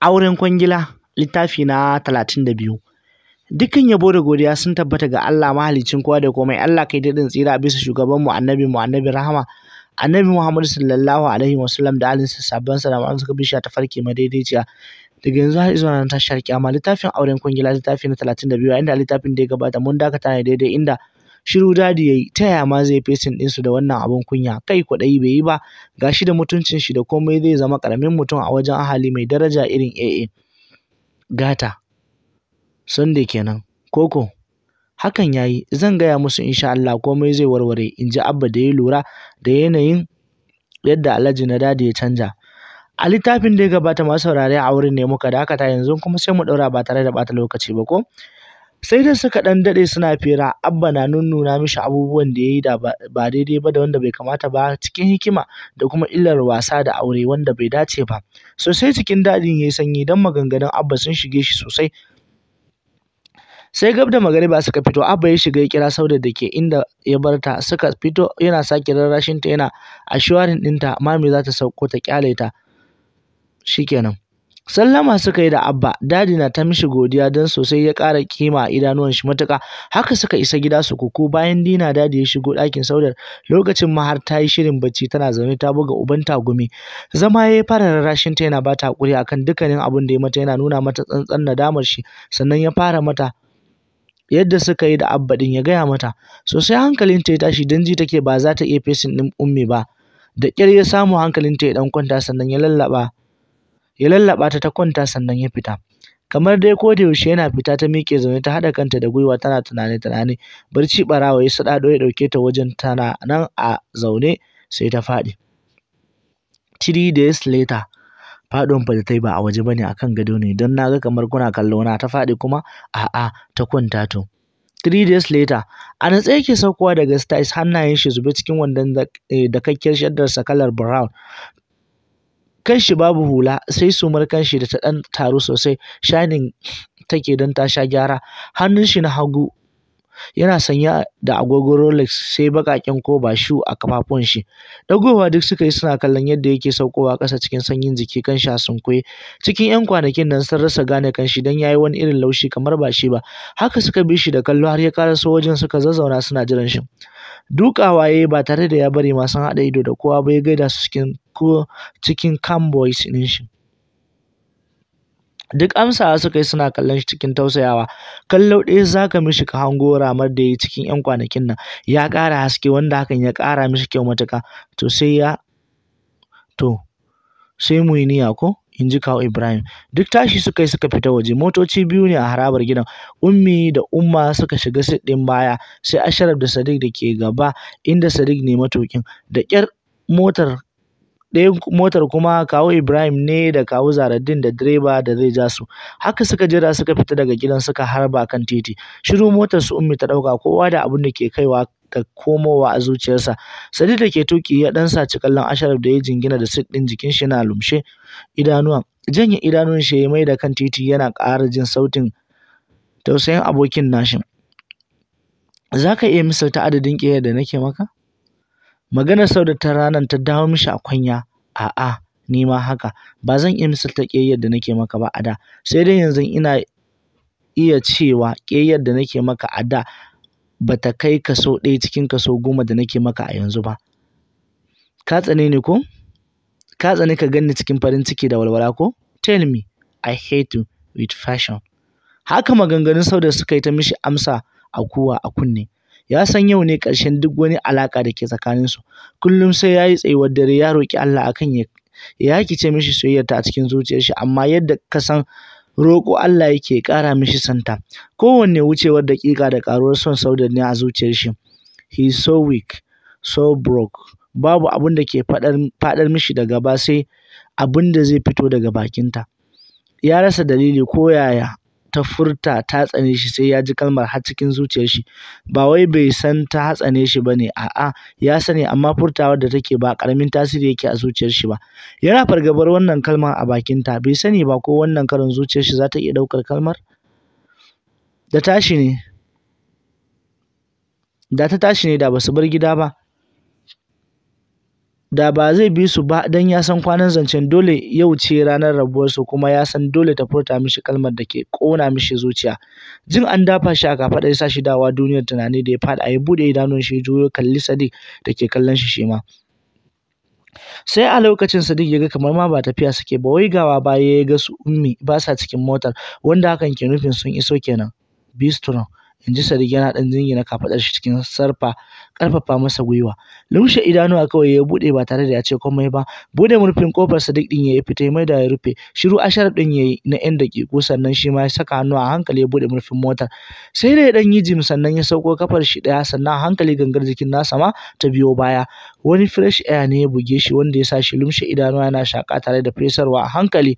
Auren Kwangila, littafi na da biyu. Dukkan yabo da godiya sun tabbata ga Allah mahalicin kowa da komai. Allah kai daɗin tsira bisa shugaban mu annabi mu annabi rahama. Annabi Muhammadu sallallahu alaihi wasallam da alinsa sabban sa da ma'an suka bishiya ta farke madaidaiciya. Daga yanzu har izuwa nan tashar amma littafin auren kwangila littafi na da talatin biyu inda littafin da ya gabata mun dakata ne daidai inda Shiru dadi ya yi, ta yaya ma zai fesin ɗinsu da wannan abin kunya, kai kwaɗayi bai yi ba, ga shi da mutuncin shi da komai zai zama ƙaramin mutum a wajen ahali mai daraja irin AA. Gata, Sunday kenan, koko. Hakan ya yi, zan gaya musu insha Allah komai zai warware, in ji Abba da ya lura da yanayin yadda Alhaji na dadi ya canja. A littafin da ya gabata masu saurare a wurin ne muka dakata yanzu kuma sai mu ɗaura ba tare da bata lokaci ba ko? sai dai suka dan daɗe suna fira abba na nunnuna mishi abubuwan da yayi da ba daidai ba da wanda bai kamata ba cikin hikima da kuma illar wasa da aure wanda bai dace ba sai cikin daɗin ya sanyi dan maganganun abba sun shige shi sosai sai gab da magariba suka fito abba ya shiga ya kira saudar da ke inda ya barta suka fito yana sake rarrashin ta yana ashiwarin dinta mami za ta sauko ta kyale ta shikenan Sallama suka yi da Abba, Dadi na ta mishi godiya don sosai ya ƙara kima a idanuwan shi matuƙa. Haka suka isa gida su kuku bayan Dina Dadi ya shigo ɗakin Saudar lokacin mahar ta yi shirin bacci tana zaune ta buga uban gumi. Zama ya yi fara rarrashin ta yana bata hakuri akan dukkanin abin da ya mata yana nuna mata tsantsan nadamar shi sannan ya fara mata yadda suka yi da Abba din ya gaya mata. Sosai hankalin ta ya tashi don ji take ba za ta iya fesin ɗin ummi ba. Da ƙyar ya samu hankalin ta ya ɗan kwanta sannan ya lallaɓa ya lallaɓa ta ta kwanta sannan ya fita kamar dai ko da yaushe yana fita ta miƙe zaune ta haɗa kanta da gwiwa tana tunane tunane barci ɓarawo ya saɗaɗo ya ɗauke ta wajen tana nan a zaune sai ta faɗi three days later faɗon fa da ta yi ba a waje bane kan gado ne don na ga kamar kuna kallo na ta faɗi kuma a'a ta kwanta to three days later a natse yake saukowa daga stairs hannayen shi zube cikin wandon da eh, kakkiyar shaddarsa kalar brown kan shi babu hula sai sumar shi da ta dan taru sosai shining take don ta sha gyara hannun shi na hagu yana sanya da agogo rolex sai ko ba shu a kafafun shi dagowa duk suka yi suna kallon yadda yake saukowa kasa cikin sanyin jiki kan shi a sunkuye cikin yan kwanakin nan sun rasa gane kan shi don yayi wani irin laushi kamar ba shi ba haka suka bi shi da kallo har ya su wajen suka zazzauna suna jiran shi dukawa ba tare da ya bari ma sun haɗa ido da kowa ba ya gaida su cikin ko cikin calm voice ɗin shi duk amsawa suka yi suna kallon shi cikin tausayawa kallo ɗaya za ka mishi ka hango ramar da yi cikin 'yan kwanakin nan ya ƙara haske wanda hakan ya ƙara mishi kyau matuƙa to sai ya to sai mu yi niyya ko in ji kawo Ibrahim. Duk tashi suka yi suka fita waje, motoci biyu ne a harabar gidan, Ummi da Umma suka shiga siɗin baya, sai Asharaf da Sadiq da ke gaba, inda Sadiq ne matuƙin. Da ƙyar motar ɗayan motar kuma kawo Ibrahim ne da kawo Zaraddin da direba da zai ja su. Haka suka jira suka fita daga gidan suka harba kan titi. Shiru motar su Ummi ta ɗauka kowa da abin da ke kaiwa da komowa a zuciyarsa. Sadi da ke tuki ya ɗan saci kallon Asharaf da ya jingina da sit ɗin jikin shi na lumshe idanuwa. Janye idanun shi ya mai da kan titi yana ƙara jin sautin tausayin abokin nashin. Za ka iya misalta adadin ƙiyar da nake maka? Maganar sau da ta ranar ta dawo mishi a kwanya, a'a ni ma haka, ba zan iya misalta ƙeyar da nake maka ba a da, sai dai yanzu ina iya cewa ƙeyar da nake maka a da ba ta kai kaso ɗaya cikin kaso goma da nake maka a yanzu ba. Ka tsane ni ko? Ka tsani ka ganni cikin farin ciki da walwala ko? Tell me, I hate you with fashion. Haka maganganun sau da suka yi ta mishi amsa a kuwa a kunne. ya san yau ne ƙarshen duk wani alaƙa da ke tsakaninsu kullum sai ya yi tsayuwar dare ya roƙi Allah akan ya ya ce mishi soyayyarta a cikin zuciyar shi amma yadda ka san roƙo Allah yake ƙara mishi santa kowanne wucewar daƙiƙa da ƙaruwar son saudar ne a zuciyar shi he is so weak so broke babu abin da ke faɗar mishi daga ba sai abin da zai fito daga bakinta ya rasa dalili ko yaya ta furta ta tsane shi sai ya ji kalmar har cikin zuciyar shi ba wai bai san ta hatsane shi bane a'a ya sani amma furtawar da take ba karamin tasiri yake a zuciyar shi ba yana fargabar wannan kalmar a bakin ta bai sani ba ko wannan karin zuciyar shi za ta iya daukar kalmar da tashi ne da ta tashi ne da basu bar gida ba da ba zai bi su ba don ya san kwanan zancen dole yau ce ranar rabuwarsu kuma ya san dole ta furta mishi kalmar da ke ƙona mishi zuciya. Jin an dafa shi a kafaɗar ya sa shi dawa duniyar tunani da ya faɗa ya buɗe idanun shi juyo kalli Sadiq da ke kallon shi shima sai a lokacin Sadiq ya ga kamar ma ba tafiya suke ba wai gawa baya ya ga su ummi ba sa cikin motar wanda hakan ke nufin sun iso kenan bistro in ji Sadiq yana ɗan jingina kafaɗar shi cikin sarfa karfafa masa gwiwa. Lumshe idanuwa kawai ya bude ba tare da ya ce komai ba. Bude murfin ƙofar Sadiq din ya yi fita ya da ya rufe. Shiru ashar din yayi na 'yan daƙiƙu sannan shi ma ya saka hannu a hankali ya bude murfin motar. Sai da ya yi jim sannan ya sauko kafar shi daya sannan a hankali gangar jikin nasa ma ta biyo baya. Wani fresh air ne ya buge shi wanda ya sa shi lumshe idanuwa yana shaka tare da fesarwa a hankali.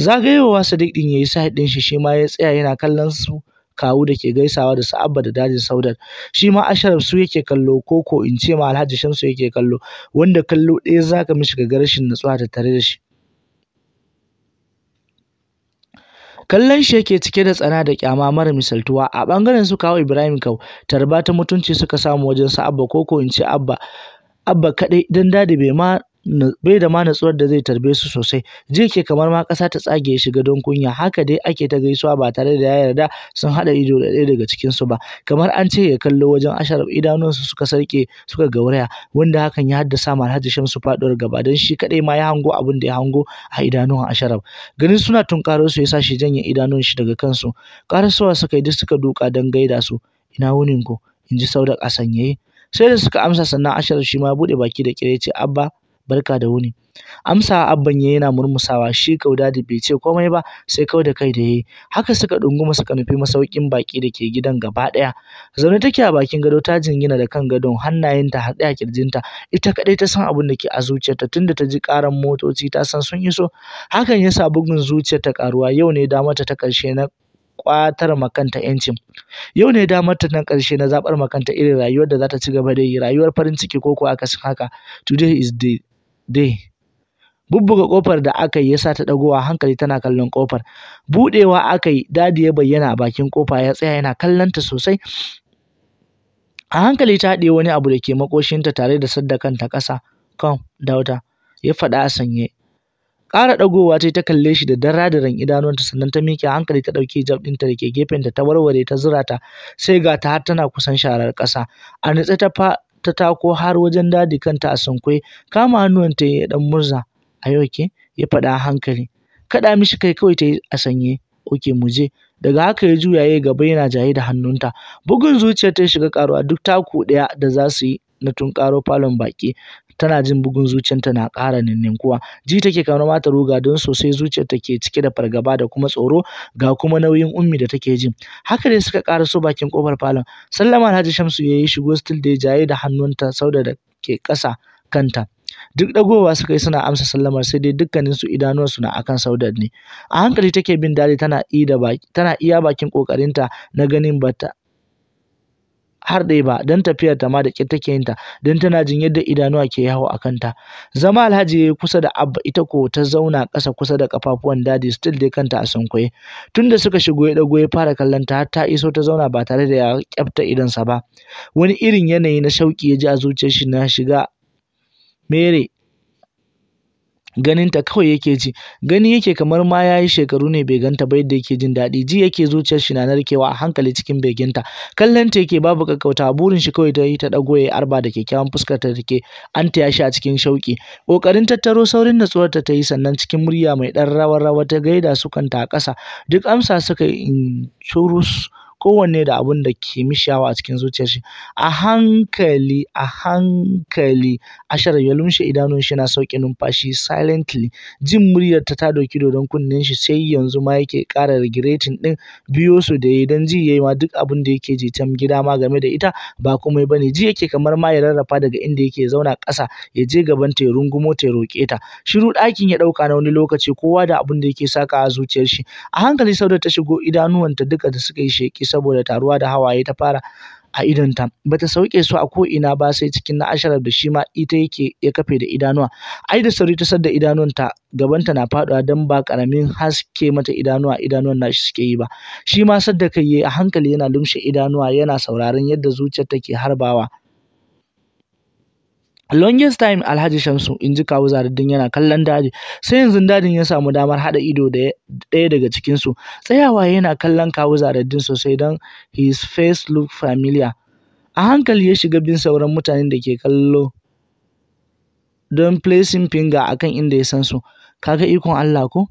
Zagayowa Sadiq ɗin ya yi sahid shi shi ma ya tsaya yana kallon su. kawu da ke gaisawa da su da Dadin Saudat. Shi ma Ashraf su yake kallo ko ko in ce ma Alhaji Shamsu yake kallo wanda kallo ɗaya za ka mishi ka ga rashin tattare da shi. kallon shi yake cike da tsana da kyama mara misaltuwa a bangaren su kawo Ibrahim kau tarba ta mutunci suka samu wajen sa Abba koko in ce Abba Abba kadai dan dadi bai ma bai da ma natsuwar da zai tarbe su sosai ji ke kamar ma ƙasa ta tsage ya shiga don kunya haka dai ake ta gaisuwa ba tare da ya yarda sun haɗa ido da ɗaya daga cikin su ba kamar an ce ya kallo wajen asharaf idanunsu suka sarke suka gauraya wanda hakan ya haddasa ma Alhaji Shamsu faɗuwar gaba don shi kaɗai ma ya hango abin da ya hango a idanun asharaf ganin suna tunkaro su ya sa shi janye idanun shi daga kansu ƙarasowa suka yi duk suka duka don gaida su ina wunin ku in ji saudak a sanyaye sai da suka amsa sannan asharaf shi ma bude baki da kire ce abba barka da wuni. Amsa Abban ya yana murmusawa shi kau dadi bai ce komai ba sai kau da kai da ya yi. Haka suka ɗunguma suka nufi masaukin baki da ke gidan gaba ɗaya. Zaune take a bakin gado ta jingina da kan gadon hannayenta har a ƙirjinta ita kadai ta san abin da ke a zuciyarta tunda ta ji ƙaran motoci ta san sun iso. Hakan yasa bugun zuciyarta karuwa yau ne damarta ta ƙarshe na kwatar makanta yancin yau ne damar ta na ƙarshe na zabar makanta irin rayuwar da za ta ci gaba da yi rayuwar farin ciki ko akasin haka today is the dai bubbuga kofar da aka yi yasa ta dagowa hankali tana kallon kofar budewa aka yi dadi ya bayyana a bakin kofa ya tsaya yana kallon ta sosai a hankali ta haɗe wani abu da ke makoshinta tare da sadda kanta ƙasa kan dauta ya faɗa a sanye ƙara ɗagowa ta ta kalle shi da ran idanunta sannan ta miƙe hankali ta ɗauki jab ɗinta da ke gefenta ta warware ta zurata, sai ga ta har tana kusan sharar ƙasa a nutse ta fa ta tako har wajen dadi kanta a sunkuye kama hannuwan ta ya dan murza a yau ke ya faɗa a hankali kaɗa mishi kai kawai ta yi a sanye oke mu je daga haka ya juya ya gaba yana jaye da hannunta bugun zuciyar ta shiga karuwa duk taku ɗaya da za su yi na tunkaro falon baki tana jin bugun zuciyarta na ƙara ninninkuwa ji take kamar mata ruga don sosai zuciyarta ke cike da fargaba da kuma tsoro ga kuma nauyin ummi da take ji haka dai suka ƙara so bakin kofar falon sallama Alhaji Shamsu ya yi shigo still da jaye da hannunta sauda da ke ƙasa kanta duk dagowa suka yi suna amsa sallamar sai dai dukkaninsu idanuwarsu na akan saudar ne a hankali take bin dadi tana iya bakin kokarinta na ganin bata har ɗaya ba don tafiyar ta ma da ƙyar take yinta don tana jin yadda idanuwa ke yawo a kanta zama alhaji ya yi kusa da abba ita ko ta zauna ƙasa kusa da kafafuwan dadi still dai kanta a sunkuye tunda suka shigo ya ya fara kallon ta har ta iso ta zauna ba tare da ya kyafta idansa ba wani irin yanayi na shauƙi ya ji a zuciyar shi na shiga mere ganinta kawai yake ji gani yake kamar ma ya yi shekaru ne bai ganta ba yadda yake jin daɗi ji yake zuciyar shi na narkewa a hankali cikin beginta kallon ta yake babu kakkauta burin shi kawai ta yi ta ɗago yayi arba da kyakkyawan fuskar ta take an ta shi a cikin shauƙi ƙoƙarin tattaro saurin natsuwar ta ta yi sannan cikin murya mai ɗan rawar rawa ta gaida su kanta a ƙasa duk amsa suka yi in churus kowanne da abin da ke mishi a cikin zuciyar shi a hankali a hankali Ashraf ya lumshe idanun shi yana sauke numfashi silently jin muryar ta ta doki dodon kunnen shi sai yanzu ma yake ƙara regretting din biyo su da yayi don ji yayi ma duk abin da yake ji can gida ma game da ita ba komai bane ji yake kamar ma ya rarrafa daga inda yake zauna ƙasa ya je gaban ta ya rungumo ta ya roƙe ta shiru ɗakin ya ɗauka na wani lokaci kowa da abun da yake saka a zuciyar shi a hankali saboda ta shigo idanuwanta duka da suka yi sheƙi saboda taruwa da hawaye ta fara a idonta bata sauke su a ko ina ba sai cikin na asharar da shi ma ita yake ya kafe da idanuwa ai da sauri ta sadda idanuwanta gabanta na faduwa dan ba karamin haske mata idanuwa idanuwan nashi suke yi ba shi ma sadda kai a hankali yana lumshe idanuwa yana sauraron yadda zuciyar take harbawa longest time alhaji shamsu in ji kawo zaruddin yana kallon daji sai yanzu dadin ya samu damar haɗa ido da ɗaya daga cikinsu tsayawa yana kallon kawo zaruddin sosai don his face look familiar a hankali ya shiga bin sauran mutanen da ke kallo don placing finger akan inda ya san su kaga ikon Allah ko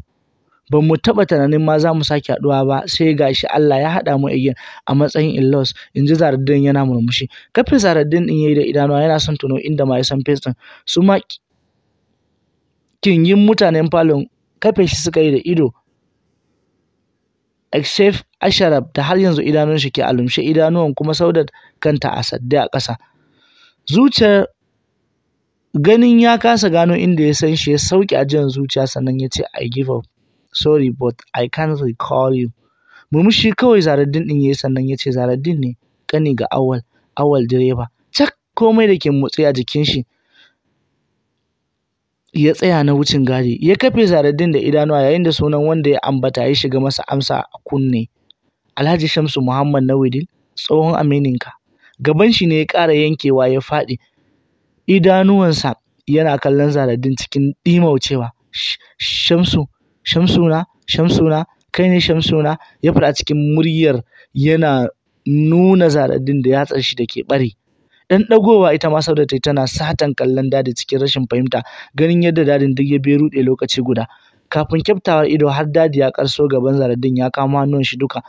ba mu taɓa tunanin ma za mu sake haɗuwa ba sai ga shi Allah ya haɗa mu again a matsayin in-laws in ji zaradin yana murmushi kafin Zaraddin din yayi da idanuwa yana son tuno inda ma ya san face din su ma kingin mutanen falon kafe shi suka yi da ido except asharab, da har yanzu idanun shi ke alumshe idanuwan kuma Saudat kanta a sadde a ƙasa zuciyar ganin ya kasa gano inda ya san shi ya sauke ajiyar zuciya sannan ya ce I give up sorry but I can't recall you. Murmushi kawai Zaraddin ɗin ya yi sannan ya ce Zaraddin ne kani ga Awal, Awal direba. Cak komai da ke motsi a jikin shi ya tsaya na wucin gadi. Ya kafe Zaraddin da idanuwa yayin da sunan wanda ya ambata ya shiga masa amsa a kunne. Alhaji Shamsu Muhammad Nawidin, tsohon amininka. Gaban shi ne ya ƙara yankewa ya faɗi. Idanuwansa yana kallon Zaraddin cikin ɗimaucewa. Shamsu Shamsuna, Shamsuna, kai ne Shamsuna, ya fara cikin muryar yana nuna zaradin da yatsar shi da ke ɓari. Dan ɗagowa ita ma saboda ta tana satan kallon dadi cikin rashin fahimta, ganin yadda dadin duk ya ruɗe lokaci guda. Kafin kyaftawar ido har dadi ya karso gaban zaradin ya kama hannun shi duka.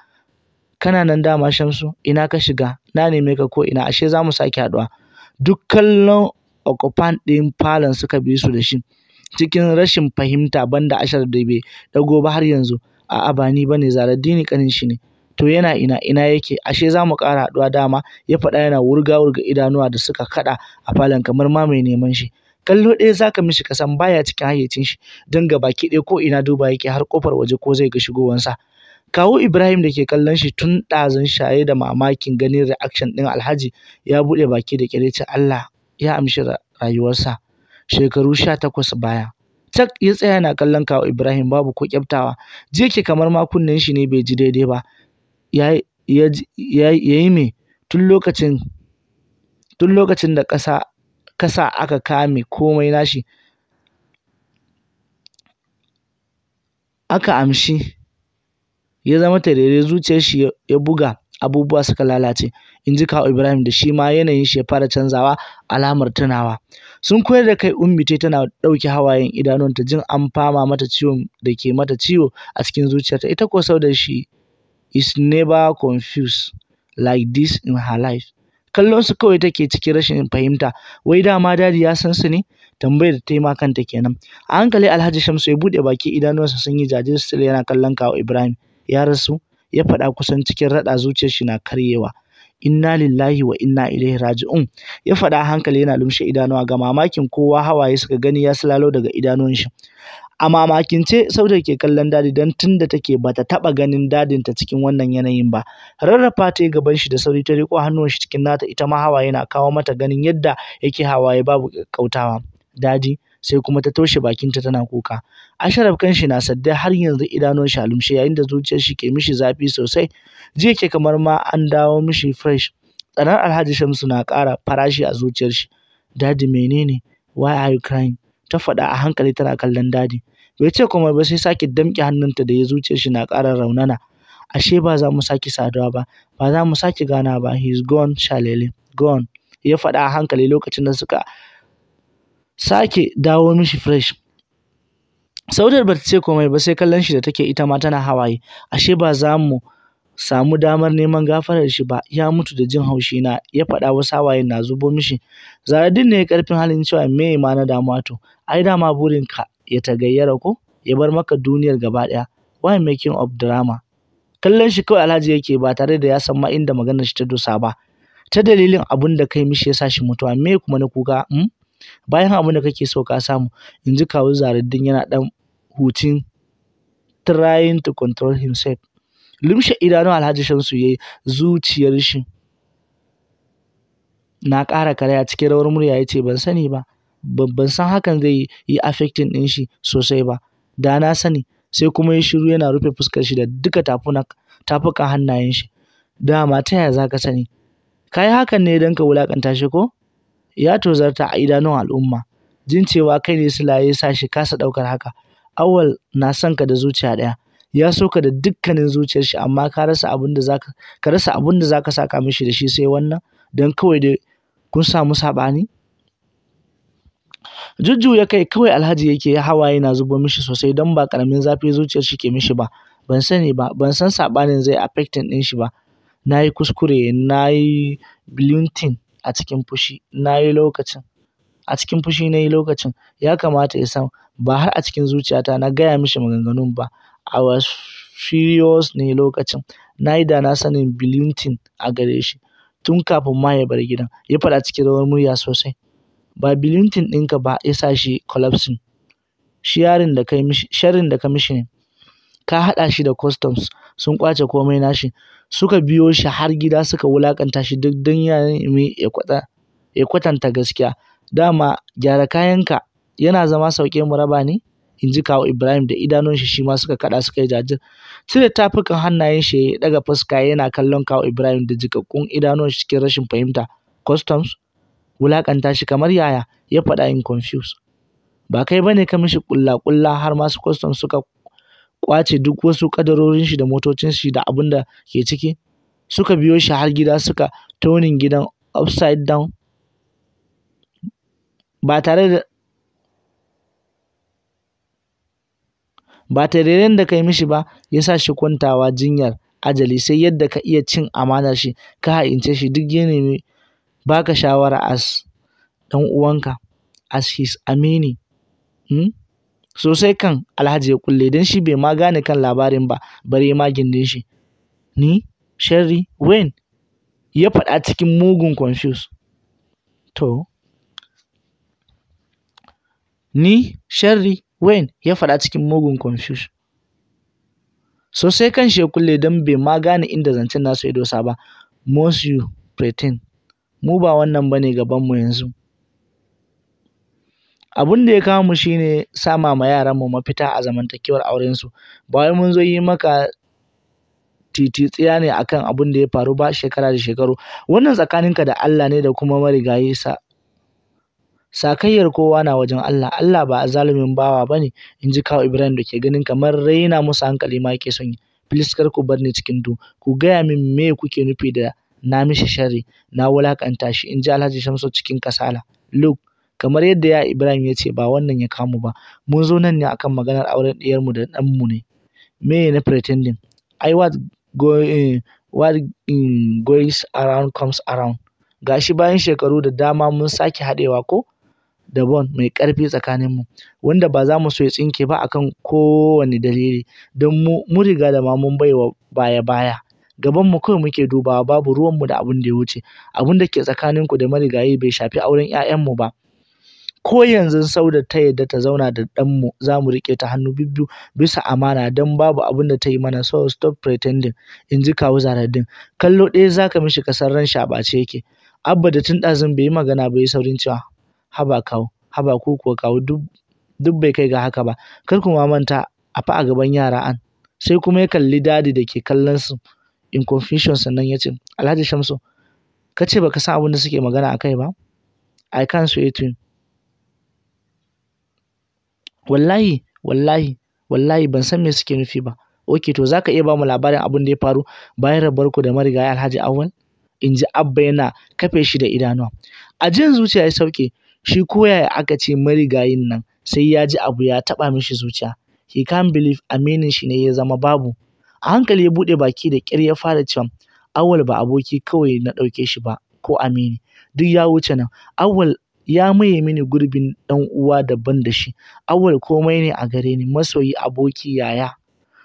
Kana nan dama Shamsu, ina ka shiga, na neme ka ko ina, ashe za mu sake haɗuwa. Duk kallon occupant ɗin falon suka bi su da shi. cikin rashin fahimta banda Ashar da bai da ba har yanzu. A'a ba ni bane dini kanin shi ne. To yana ina ina yake ashe zamu mu ƙara haɗuwa dama ya faɗa yana wurga wurga idanuwa da suka kaɗa a falon kamar ma mai neman shi. Kallo ɗaya za ka mishi kasan baya cikin hayyacin shi ga baki ɗaya ko ina duba yake har ƙofar waje ko zai ga shigowansa. kawo Ibrahim da ke kallon shi tun ɗazun shaye da mamakin ganin reaction ɗin Alhaji ya buɗe baki da ƙyar Allah ya amshi rayuwarsa. shekaru sha takwas baya. Cak ya tsaya yana kallon kawo Ibrahim babu ko kyaftawa. jike kamar ma kunnen shi ne bai ji daidai ba. Ya yi me tun lokacin da ƙasa kasa aka kame komai nashi aka amshi ya zama tarere zuciyar shi ya buga abubuwa suka lalace in ji kawo Ibrahim da shi ma yanayin shi ya fara canzawa alamar tunawa sun koyar da kai ummi tana ɗauke hawayen idanunta jin an fama mata ciwon da ke mata ciwo a cikin zuciyarta ita ko sau da shi is never confused like this in her life kallon su kawai take cikin rashin fahimta wai dama dadi ya san su ne tambayar da ta ma kanta kenan a hankali alhaji shamsu ya buɗe baki idanuwansa sun yi jajir yana kallon kawo ibrahim ya rasu ya faɗa kusan cikin raɗa zuciyar shi na karyewa inna lillahi wa inna ilaihi raji'un ya faɗa hankali yana lumshe idanuwa ga mamakin kowa hawaye suka gani ya silalo daga idanuwan shi a ce Saude ke kallon dadi don tun da take bata taɓa ganin dadinta cikin wannan yanayin ba rarrafa ta yi gaban shi da sauri ta riko hannun shi cikin nata ita ma hawaye na kawo mata ganin yadda yake hawaye babu kautawa dadi sai kuma ta toshe bakinta tana kuka. Asharaf kanshi na sadde har yanzu idanun shi alumshe yayin da zuciyar shi ke mishi zafi sosai. Ji yake kamar ma an dawo mishi fresh. Tsanar Alhaji Shamsu na ƙara farashi a zuciyar shi. Dadi menene? Why are you crying? Ta faɗa a hankali tana kallon dadi. Bai ce kuma ba sai sake damƙe hannunta da ya zuciyar shi na ƙara raunana. Ashe ba za mu sake saduwa ba, ba za mu sake gana ba, he is gone shalele, gone. Ya faɗa a hankali lokacin da suka sake dawo mishi fresh saudar bata ce komai ba sai kallon shi da take ita ma tana hawaye ashe ba za mu samu damar neman gafarar shi ba ya mutu da jin haushi na ya faɗa wasu hawayen na zubo mishi zaradin ne karfin halin cewa me ma na damuwa to ai dama burinka ya tagayyara ko ya bar maka duniyar gaba ɗaya why making of drama kallon shi kawai alhaji yake ba tare da ya san ma inda maganar shi ta dosa ba ta dalilin abun da kai mishi ya sa shi mutuwa me kuma na kuka hmm? bayan abin da kake so ka samu in ji kawu zaruddin yana ɗan hutun, trying to control himself limshe idanun alhaji shamsu yayi zuciyar shi na ƙara karaya cikin rawar murya ya ce ban sani ba ban san hakan zai yi affecting ɗin shi sosai ba da na sani sai kuma ya shiru yana rufe fuskar shi da duka tafukan hannayen shi dama ta yaya za sani kai hakan ne don ka wulakanta shi ko ya tozarta a idanun al'umma. Jin cewa kai ne sulaye ya sa shi kasa ɗaukar haka. Awal na son ka da zuciya daya Ya so ka da dukkanin zuciyar shi amma ka rasa abin da zaka ka rasa abin da zaka saka mishi da shi sai wannan dan kawai da kun samu saɓani. Jujjuya kai kawai Alhaji yake ya hawaye na zubo mishi sosai don ba karamin zafi zuciyar shi ke mishi ba. Ban sani ba, ban san saɓanin zai affecting din shi ba. nayi kuskure, nayi yi blunting a cikin fushi na yi lokacin. A cikin fushi na yi lokacin. Ya kamata ya san ba har a cikin zuciyata na gaya mishi maganganun ba. I was furious ne lokacin. Na yi da na sanin bilintin a gare shi tun kafin ma ya bar gidan, ya faɗa cikin rawar murya sosai. Ba bilintin ɗinka ba ya sa shi collapsing. Sharrin da ka mishi ne. Ka haɗa shi da customs sun kwace komai nashi. suka biyo shi har gida suka wulaƙanta shi duk don Yarima ya kwatanta gaskiya. Dama gyara kayanka yana zama sauke mu raba ne? in ji kawo Ibrahim da idanunshi shi ma suka kaɗa suka yi jajir. Cire tafukan hannayen shi ya daga fuska yana kallon kawo Ibrahim da jikakkun idanunshi cikin rashin fahimta. Customs? wulakanta shi kamar yaya? Ya faɗa in confuse. Ba kai bane ne ka mishi ƙulla har ma su customs suka kwace duk wasu ƙadarorin shi da motocin shi da abin da ke ciki suka biyo shi har gida suka tonin gidan upside down ba tare da ba tare da kai mishi ba ya sa shi kwantawa jinyar ajali sai yadda ka iya cin amana shi ka ha'ince shi duk ya nemi baka shawara as ɗan uwanka as his amini hmm? sosai kan alhaji ya kulle don shi bai ma gane kan labarin ba bare ma gindin shi ni sherry wayne ya faɗa cikin mugun confuse to ni sherry wayne ya faɗa cikin mugun confuse sosai kan shi ya kulle don bai ma gane inda zancen nasu ya dosa ba most you pretend mu ba wannan bane gaban mu yanzu abun da ya kawo mu shine sama ma yaran mu mafita a zamantakewar auren su ba wai mun zo yi maka tititsiya ne akan abun da ya faru ba shekara da shekaru wannan tsakaninka da Allah ne da kuma marigayi sa sakayyar kowa na wajen Allah Allah ba zalumin bawa bane in ji kawo Ibrahim da ke ganin kamar raina musu hankali ma yake son yi please kar ku bar ni cikin du ku gaya min me kuke nufi da na mishi sharri na wulakanta shi in ji Alhaji Shamsu cikin kasala look kamar yadda ya Ibrahim ya ce ba wannan ya kamu ba mun zo nan ne akan maganar auren ɗiyarmu da ɗanmu ne me na pretending ai what going eh, what eh, goes around comes around gashi bayan shekaru da dama mun sake haɗewa ko da bond mai ƙarfi tsakaninmu wanda ba za mu so ya tsinke ba akan kowane dalili don mu mun riga da ma mun baiwa baya baya gaban mu kawai muke dubawa babu ruwanmu da abin da ya wuce Abun da ke tsakaninku da marigayi bai shafi auren 'ya'yanmu ba ko yanzu sauda ta yarda ta zauna da ɗanmu za mu riƙe ta hannu bibbiyu bisa amana don babu abin da ta yi mana so stop pretending in ji kawu zaradin. Kallo ɗaya za ka mishi kasar ran shi a ɓace yake. Abba da tun ɗazun bai yi magana ba yi saurin cewa haba kawu haba ku kuwa kawu duk bai kai ga haka ba kar ku manta a fa a gaban yara an sai kuma ya kalli dadi da ke kallon su in confusion sannan ya ce Alhaji Shamsu ka ce baka san abin da suke magana a kai ba I can't say to wallahi wallahi wallahi ban san me suke nufi ba ok to zaka iya ba mu labarin abin da ya faru bayan rabar ku da marigayi alhaji awal in ji abba yana kafe shi da idanuwa a jin zuciya ya sauke shi koyaya aka ce marigayin nan sai ya ji abu ya taba mishi zuciya he can't believe aminin shi ne ya zama babu a hankali ya bude baki da ƙyar ya fara cewa awal ba aboki kawai na dauke shi ba ko amini duk ya wuce nan awal ya maye mini gurbin ɗan uwa daban da shi. Auwal komai ne a gare ni, masoyi, aboki, yaya.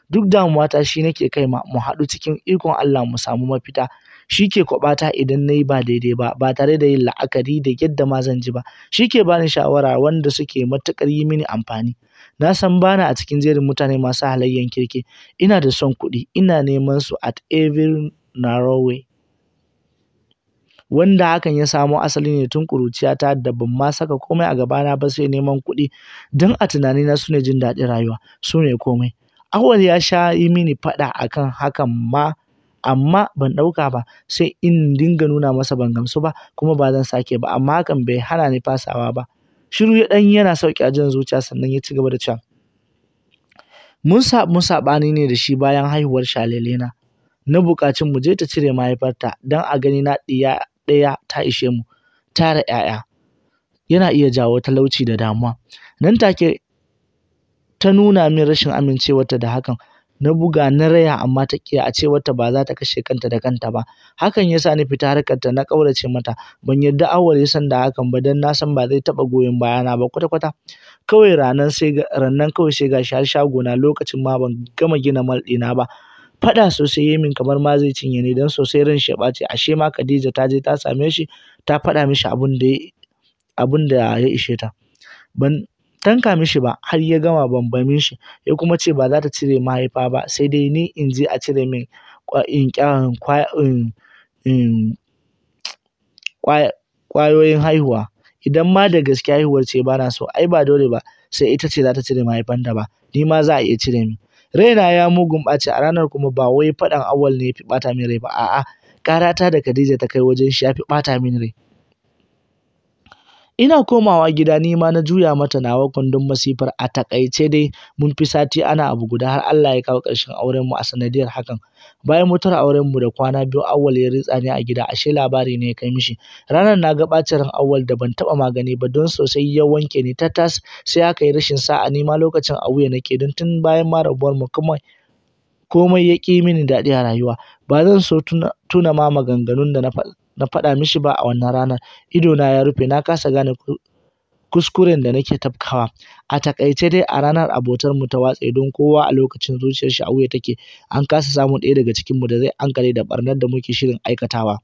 Duk damuwata shi nake kai ma, mu haɗu cikin ikon Allah mu samu mafita. Shi ke kwaɓata idan na yi ba daidai ba, ba tare da yin la'akari da yadda ma zan ji ba. Shi ke bani shawara wanda suke matuƙar yi mini amfani. Na san bana a cikin jerin mutane masu halayyan kirki. Ina da son kuɗi, ina neman su at every narrow way. wanda hakan ya samo asali ne tun ta da ban ma saka komai a gabana ba sai neman kuɗi don a tunanina na sune jin daɗin rayuwa sune komai Awal ya sha yi mini faɗa akan hakan ma amma ban ɗauka ba sai in dinga nuna masa ban gamsu ba kuma ba zan sake ba amma hakan bai hana ni fasawa ba shiru ya ɗan yana sauƙi a jin zuciya sannan ya ci gaba da cewa mun saɓani ne da shi bayan haihuwar shalelena na buƙaci mu je ta cire mahaifarta don a gani na ɗiya ɗaya ta ishe mu tara ‘ya'ya yana iya jawo talauci da damuwa nan take ta nuna min rashin amincewarta da hakan na buga na raya amma ta kiya a cewarta ba za ta kashe kanta da kanta ba hakan ya sa ni fita harkarta na ƙaurace mata ban yarda awwal ya san da hakan ba dan na san ba zai taɓa goyon bayana ba kwata kwata kawai ranan sai rannan kawai sai gashi har shago na lokacin ma ban gama gina mall ɗina ba faɗa sosai ya min kamar ma zai cinye ne don sosai ran shi ya ɓaci ashe ma Khadija ta je ta same shi ta faɗa mishi abun da abin da ya ishe ta ban tanka mishi ba har ya gama bambamin shi ya kuma ce ba za ta cire mahaifa ba sai dai ni in je a cire min in kwayoyin haihuwa idan ma da gaske haihuwar ce ba na so ai ba dole ba sai ita ce za ta cire mahaifanta ba ni ma za a iya cire min raina ya mugun ɓaci a ranar kuma ba wai faɗan awal ne ya fi ɓata min rai ba a'a ƙarata da Khadija ta kai wajen shi ya fi ɓata min rai Ina komawa gida nima na juya mata nawa kundin masifar. A takaice dai mun fi sati ana abu guda har Allah ya kawo ƙarshen mu a sanadiyar hakan. Bayan mutar auren mu da kwana biyu Auwal ya ritsa ni a gida ashe labari ne ya kai mishi. Ranar na ga ɓacin awwal Auwal da ban taba magani ba don sosai ya wanke ni ta tas sai aka yi rashin sa'a nima lokacin a wuya nake don tun bayan ma mu kuma komai ya ƙi mini daɗi a rayuwa. Ba zan so tuna ma maganganun da na na faɗa mishi ba a wannan ranar. ido na ya rufe na kasa gane kuskuren da nake tafkawa. A takaice dai a ranar abotar mu ta watsa don kowa a lokacin zuciyar shi a wuya take. An kasa samun ɗaya daga cikin mu da zai ankare da barnar da muke shirin aikatawa.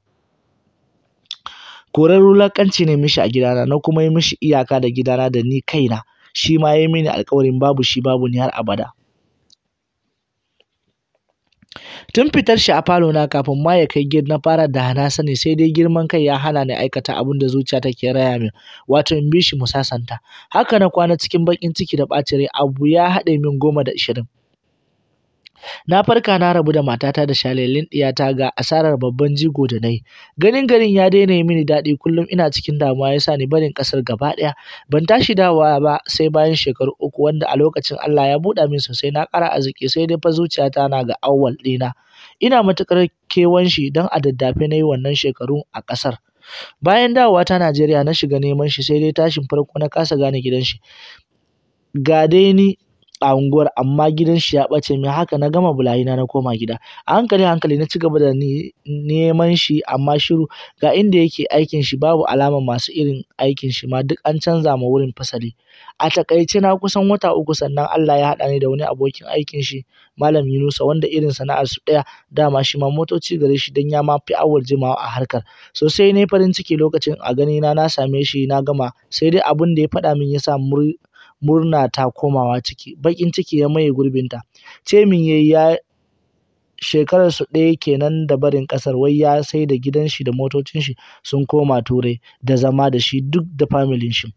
Korar rulakanci ne mishi a gidana na kuma yi mishi iyaka da gidana da ni kaina. Shi ma ya yi mini alƙawarin babu shi babu ni har abada. Tun fitar shi a falo na kafin ma ya kai gid na fara da na sani sai dai girman kai ya hana ni aikata abin da zuciya take raya min wato in bi shi mu Haka na kwana cikin bakin ciki da ɓacin rai abu ya haɗe min goma da ishirin. Na farka na rabu da matata da shalalin ɗiyata ga asarar babban jigo da na yi. Ganin garin ya daina yi mini daɗi kullum ina cikin damuwa ya sa ni barin ƙasar gaba ɗaya. Ban tashi dawowa ba sai bayan shekaru uku wanda a lokacin Allah ya buɗa min sosai na ƙara arziki sai dai fa zuciyata na ga awwal ɗina. Ina matuƙar kewan shi don a daddafe na yi wannan shekaru a ƙasar. Bayan dawowa ta Najeriya na shiga neman shi sai dai tashin farko na kasa gane gidan shi. Ga dai ni a unguwar amma gidan shi ya ɓace mai haka na gama bulagina na koma gida a hankali hankali na ci gaba da neman shi amma shiru ga inda yake aikin shi babu alama masu irin aikin shi ma duk an canza ma wurin fasali a takaice na kusan wata uku sannan Allah ya haɗa ni da wani abokin aikin shi malam Yunusa wanda irin sana'ar su ɗaya dama shi ma motoci gare shi dan ya ma fi awar jimawa a harkar sosai ne farin ciki lokacin a gani na same shi na gama sai dai abin da ya faɗa min ya sa mur murna ta komawa ciki baƙin ciki ya maye gurbinta min yayi ya shekarar su ɗaya kenan da barin ƙasar wai ya sai da gidan shi da motocin shi sun koma turai da zama da shi duk da familin shi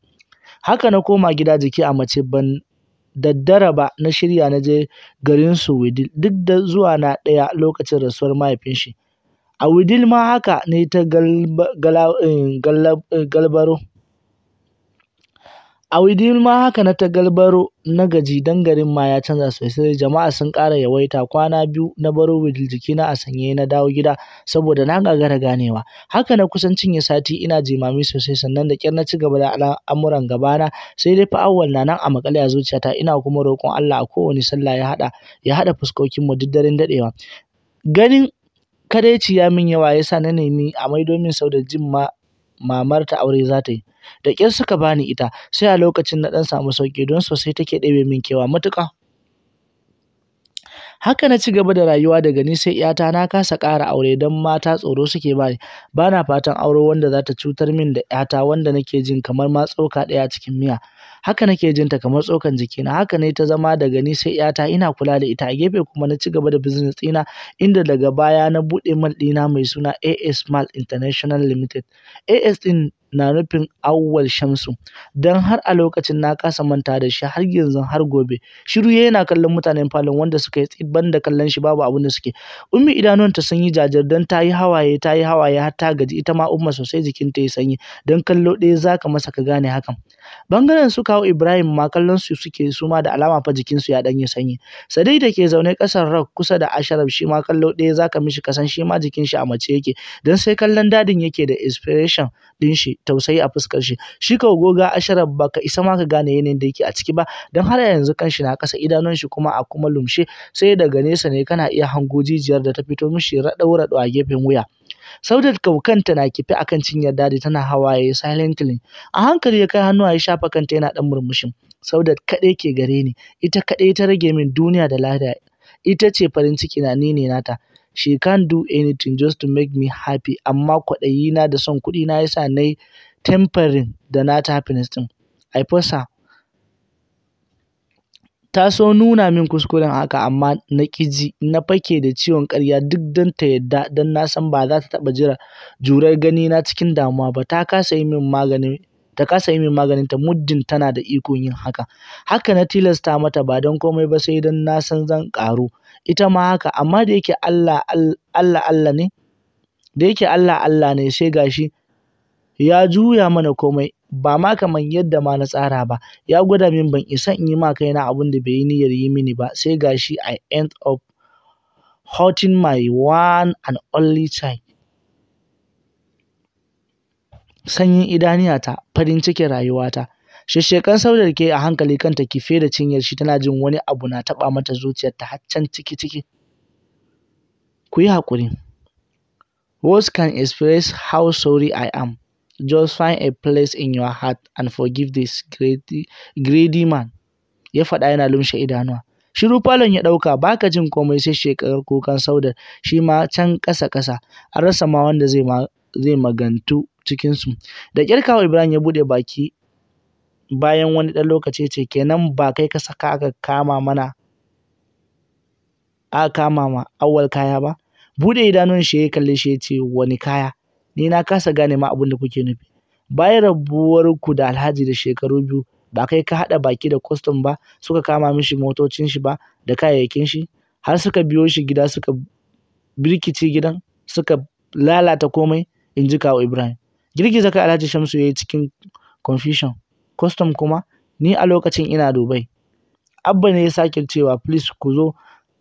haka na koma gida jiki a mace ban daddara ba na shirya na je garin su Widil duk da zuwa na ɗaya lokacin rasuwar mahaifin shi a Widil ma haka ne ta eh, eh, galbaro A wajen ma haka na ta Galbaro na gaji dan garin ma ya canza sosai, jama'a sun ƙara yawaita, kwana biyu na baro jiki na a sanye na dawo gida saboda na gagara ganewa. Haka na kusan cinye sati ina jimami sosai sannan da ƙyar na ci gaba da al'amuran gabana sai dai fa awwal na nan a maƙale a zuciyata ina kuma roƙon Allah a kowane sallah ya haɗa ya haɗa fuskokinmu duk daren daɗewa. Ganin kadaici ya min yawa yasa na nemi a maido min sau da jin mamarta aure za ta yi. Da ƙyar suka bani ita sai a lokacin na ɗan samu sauƙi don sosai take ɗebe min kewa matuƙa. Haka na ci gaba da rayuwa daga ni sai ‘yata na kasa ƙara aure don mata tsoro suke bani. Ba na fatan aure wanda za ta cutar min da ‘yata wanda nake jin kamar ma tsoka ɗaya a cikin miya. haka nake jin ta kamar tsokan jikina haka ne ta zama daga ni sai yata ina kula da ita a gefe kuma na ci gaba da business ɗina inda daga baya na buɗe mal ɗina mai suna AS Mall International Limited AS ɗin na nufin Awwal Shamsu dan har a lokacin na kasa manta da shi har yanzu har gobe shiru yana kallon mutanen falon wanda suka yi tsibban da kallon shi babu abin da suke ummi ta sun yi jajir dan ta yi hawaye ta yi hawaye har ta gaji ita ma umma sosai jikin ta yi sanyi dan kallo ɗaya zaka masa ka gane hakan bangaren su kawo Ibrahim ma kallon su suke su ma da alama fa jikin su ya dan yi sanyi sadai da ke zaune kasar rock kusa da asharab shi ma kallo ɗaya zaka mishi kasan shi ma jikin shi a mace yake dan sai kallon dadin yake da inspiration din shi tausayi a fuskar shi shi ka goga asharar baka isa ma ka gane yanayin da yake a ciki ba dan har yanzu kanshi na kasa idanun shi kuma a kuma lumshe sai daga nesa ne kana iya hango jijiyar da ta fito mishi raɗau raɗau a gefen wuya Saudat kaukanta kanta na kife akan cinyar dadi tana hawaye silently a hankali ya kai hannuwa ya shafa kanta yana dan murmushin Saudat kaɗai ke gare ni ita kaɗai ta rage min duniya da lahira ita ce farin ciki na ni ne nata She can't do anything just to make me happy amma kwaɗayina da son kuɗina ya sa na yi tempering da nata happiness ɗin. I fasa Ta so nuna min kuskuren haka amma na ƙi ji, na fake da ciwon ƙarya duk don ta yarda don na san ba za ta taɓa jira jurar gani na cikin damuwa ba. Ta kasa yi min magani, ta kasa yi min maganinta muddin tana da ikon yin haka. Haka na tilasta mata ba don komai ba sai don na san zan ƙaru. ita ma haka amma da yake Allah Allah Allah ne da yake Allah Allah ne sai gashi ya juya mana komai ba ma kaman yadda ma na tsara ba ya gwada min ban isa in yi ma kaina abin da bai yi niyyar yi mini ba sai gashi I end up hurting my one and only child sanyin idaniyata farin cikin rayuwata Shishsheƙan saudar ke a hankali kanta kife da cinyar shi tana jin wani abu na taɓa mata zuciyar har can ciki-ciki. Ku yi hakuri Words can express how sorry I am. Just find a place in your heart and forgive this greedy, greedy man. Ya faɗa yana lumshe idanuwa. Shiru falon ya ɗauka baka jin komai sai shekarar kukan saudar shi ma can ƙasa-ƙasa an rasa ma wanda zai magantu cikinsu. Da ƙyar kawo Ibrahim ya buɗe baki bayan wani ɗan lokaci ce kenan ba kai ka saka aka kama mana aka kama ma awwal kaya ba bude idanun shi ya kalle shi ya ce wani kaya ni na kasa gane ma abin da kuke nufi bayan rabuwar ku da alhaji da shekaru biyu ba kai ka haɗa baki da kwastam ba suka kama mishi motocin shi ba da kayayyakin shi har suka biyo shi gida suka birkice gidan suka lalata komai in ji kawo ibrahim girgiza kai alhaji shamsu ya yi cikin confusion Kwastam kuma, ni a lokacin ina Dubai. Abba ne ya sake cewa, "Please ku zo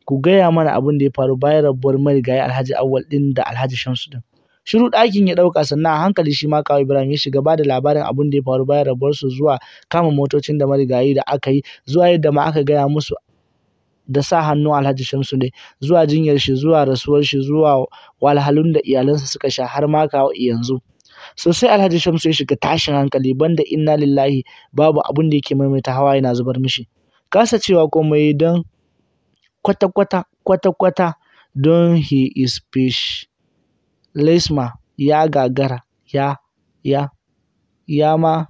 ku gaya mana abin da ya faru bayan rabuwar marigayi Alhaji awal ɗin da Alhaji Shamsu ɗin." Shiru ɗakin ya ɗauka sannan a hankali shi ma kawai Ibrahim ya shiga ba da labarin abin da ya faru bayan rabuwar su zuwa kama motocin da marigayi da aka yi, zuwa yadda ma aka gaya musu da sa hannu Alhaji Shamsu ne, zuwa jinyar shi, zuwa rasuwar shi, zuwa walhalun da iyalansa suka sha har ma kawo yanzu. Sosai alhaji shamsu ya shiga tashin hankali banda inna lillahi babu abin da yake maimaita hawa yana zubar mishi kasa cewa komai don kwata-kwata kwata-kwata don he is fish lesma ya gagara ya ya ya ma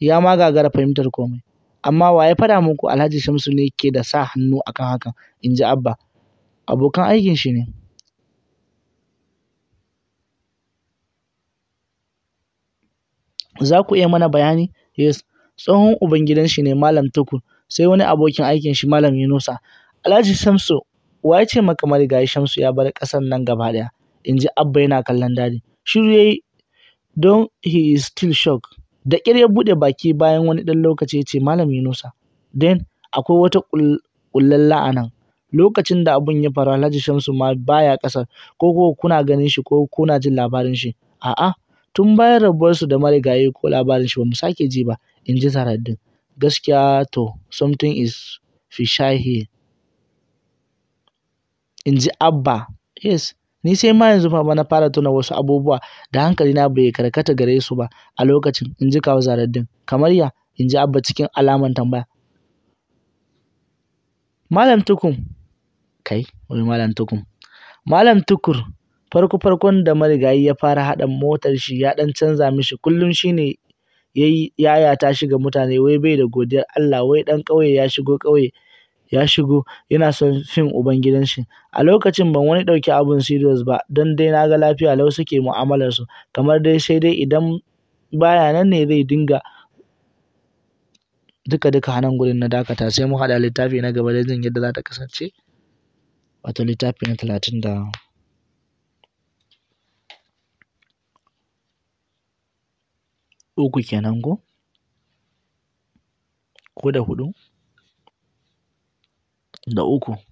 ya ma gagara fahimtar komai amma wa ya fada muku alhaji shamsu ne ke da sa hannu akan hakan in ji abba abokan aikin shi ne Za ku iya mana bayani? Yes. Tsohon uban gidan shi ne Malam tuku sai wani abokin aikin shi Malam Yunusa. Alhaji Shamsu, wa ya ce maka marigayi Shamsu ya bar ƙasar nan gaba ɗaya? In ji Abba yana kallon Dadi. Shiru yayi don he is still shocked. Da ƙyar ya buɗe baki bayan wani dan lokaci ya ce Malam Yunusa. Then akwai wata kullalla a nan. Lokacin da abun ya faru Alhaji Shamsu ma baya kasar ko ko kuna ganin shi ko kuna jin labarin shi. A'a, Tun bayan rabuwar su da marigayi ko labarin shi ba mu sake ji ba, in ji Zahraddeen. Gaskiya to something is fishy here. In ji Abba. Yes, ni sai ma yanzu fa na fara tuna wasu abubuwa da hankali na bai karkata gare su ba a lokacin, in ji kawo Zahraddeen. Kamar ya? in ji Abba cikin alaman tambaya. Malam tukum kai, wai Malam tukum Malam Tukur farko farkon da marigayi ya fara haɗa motar shi ya ɗan canza mishi kullum shine yayi yayata shi ga mutane wai bai da godiyar Allah wai ɗan ƙauye ya shigo ƙauye ya shigo yana son fim ubangidan shi a lokacin ban wani ɗauki abun serious ba don dai na ga lafiya lau suke mu'amalar kamar dai sai dai idan baya nan ne zai dinga duka duka nan gurin na dakata sai mu haɗa littafi na gaba da jin yadda za ta kasance wato littafi na talatin da uku kenan ko ko da huɗu da uku